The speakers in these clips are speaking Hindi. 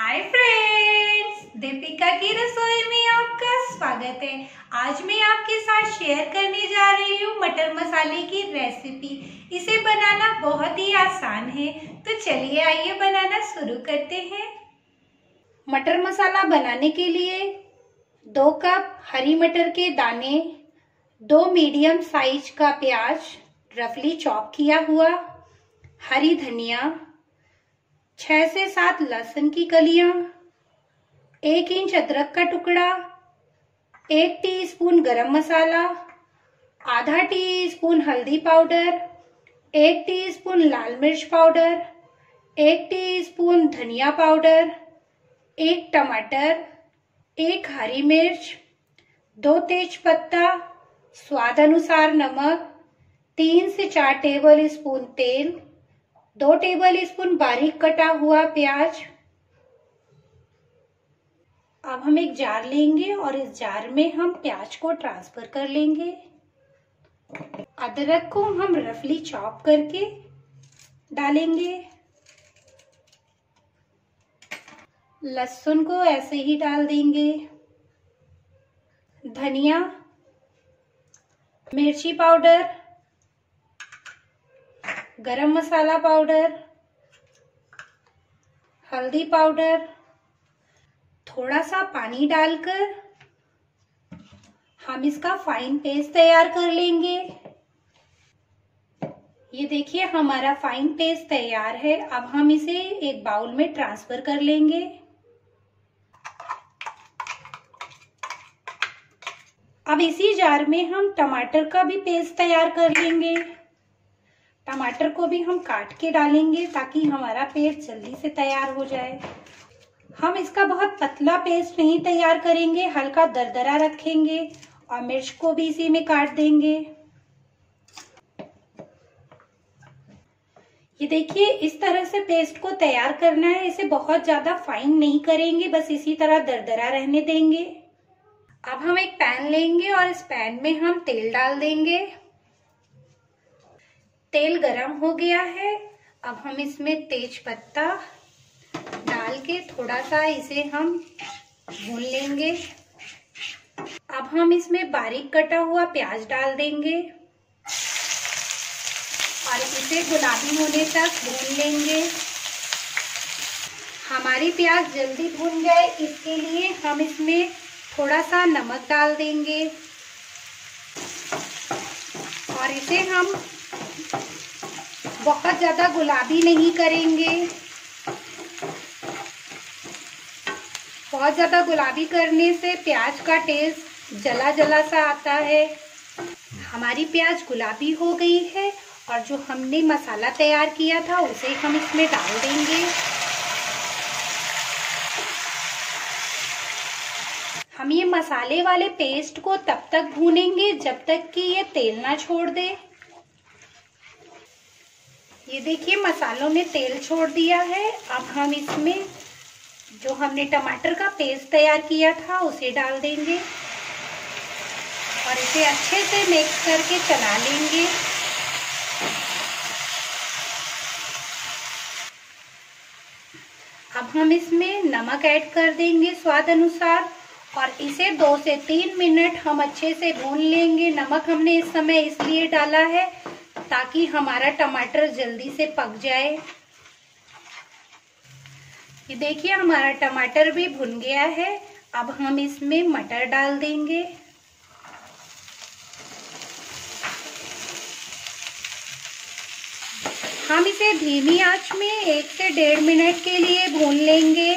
हाय फ्रेंड्स दीपिका की रसोई में आपका स्वागत है आज मैं आपके साथ शेयर करने जा रही हूँ मटर मसाले की रेसिपी इसे बनाना बहुत ही आसान है तो चलिए आइए बनाना शुरू करते हैं मटर मसाला बनाने के लिए दो कप हरी मटर के दाने दो मीडियम साइज का प्याज रफली चॉप किया हुआ हरी धनिया छह से सात लहसुन की कलियां एक इंच अदरक का टुकड़ा एक टीस्पून गरम मसाला आधा टीस्पून हल्दी पाउडर एक टीस्पून लाल मिर्च पाउडर एक टीस्पून धनिया पाउडर एक टमाटर एक हरी मिर्च दो तेज पत्ता स्वाद अनुसार नमक तीन से चार टेबल स्पून तेल दो टेबल स्पून बारीक कटा हुआ प्याज अब हम एक जार लेंगे और इस जार में हम प्याज को ट्रांसफर कर लेंगे अदरक को हम रफली चॉप करके डालेंगे लहसुन को ऐसे ही डाल देंगे धनिया मिर्ची पाउडर गरम मसाला पाउडर हल्दी पाउडर थोड़ा सा पानी डालकर हम इसका फाइन पेस्ट तैयार कर लेंगे ये देखिए हमारा फाइन पेस्ट तैयार है अब हम इसे एक बाउल में ट्रांसफर कर लेंगे अब इसी जार में हम टमाटर का भी पेस्ट तैयार कर लेंगे टमाटर को भी हम काट के डालेंगे ताकि हमारा पेस्ट जल्दी से तैयार हो जाए हम इसका बहुत पतला पेस्ट नहीं तैयार करेंगे हल्का दरदरा रखेंगे और मिर्च को भी इसी में काट देंगे ये देखिए इस तरह से पेस्ट को तैयार करना है इसे बहुत ज्यादा फाइन नहीं करेंगे बस इसी तरह दरदरा रहने देंगे अब हम एक पैन लेंगे और इस पैन में हम तेल डाल देंगे तेल गरम हो गया है अब हम इसमें तेज पत्ता डाल के थोड़ा सा इसे हम भून लेंगे अब हम इसमें बारीक कटा हुआ प्याज डाल देंगे और इसे गुलाबी होने तक भून लेंगे हमारी प्याज जल्दी भून जाए इसके लिए हम इसमें थोड़ा सा नमक डाल देंगे और इसे हम बहुत ज़्यादा गुलाबी नहीं करेंगे बहुत ज़्यादा गुलाबी करने से प्याज का टेस्ट जला जला सा आता है हमारी प्याज गुलाबी हो गई है और जो हमने मसाला तैयार किया था उसे हम इसमें डाल देंगे हम ये मसाले वाले पेस्ट को तब तक भूनेंगे जब तक कि ये तेल ना छोड़ दे ये देखिए मसालों ने तेल छोड़ दिया है अब हम इसमें जो हमने टमाटर का पेस्ट तैयार किया था उसे डाल देंगे और इसे अच्छे से मिक्स करके चला लेंगे अब हम इसमें नमक ऐड कर देंगे स्वाद अनुसार और इसे दो से तीन मिनट हम अच्छे से भून लेंगे नमक हमने इस समय इसलिए डाला है ताकि हमारा टमाटर जल्दी से पक जाए ये देखिए हमारा टमाटर भी भुन गया है अब हम इसमें मटर डाल देंगे हम इसे धीमी आंच में एक से डेढ़ मिनट के लिए भून लेंगे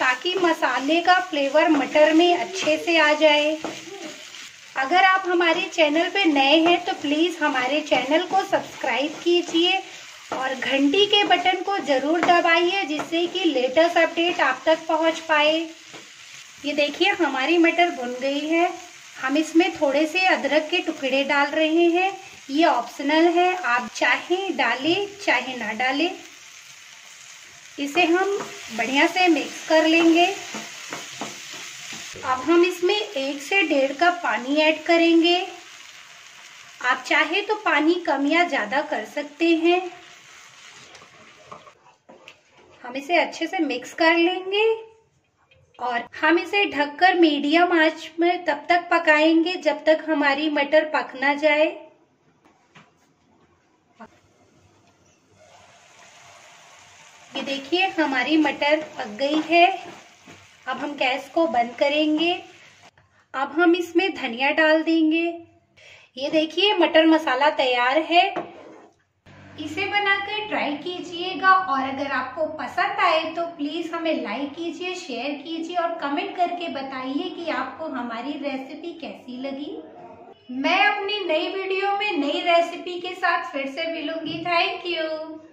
ताकि मसाले का फ्लेवर मटर में अच्छे से आ जाए अगर आप हमारे चैनल पे नए हैं तो प्लीज़ हमारे चैनल को सब्सक्राइब कीजिए और घंटी के बटन को ज़रूर दबाइए जिससे कि लेटेस्ट अपडेट आप तक पहुंच पाए ये देखिए हमारी मटर भुन गई है हम इसमें थोड़े से अदरक के टुकड़े डाल रहे हैं ये ऑप्शनल है आप चाहे डालें चाहे ना डालें इसे हम बढ़िया से मिक्स कर लेंगे अब हम इसमें एक से डेढ़ कप पानी ऐड करेंगे आप चाहे तो पानी कम या ज़्यादा कर सकते हैं हम इसे अच्छे से मिक्स कर लेंगे और हम इसे ढककर मीडियम आंच में तब तक पकाएंगे जब तक हमारी मटर पक ना जाए ये देखिए हमारी मटर पक गई है अब हम गैस को बंद करेंगे अब हम इसमें धनिया डाल देंगे ये देखिए मटर मसाला तैयार है इसे बनाकर ट्राई कीजिएगा और अगर आपको पसंद आए तो प्लीज़ हमें लाइक कीजिए शेयर कीजिए और कमेंट करके बताइए कि आपको हमारी रेसिपी कैसी लगी मैं अपनी नई वीडियो में नई रेसिपी के साथ फिर से मिलूंगी थैंक यू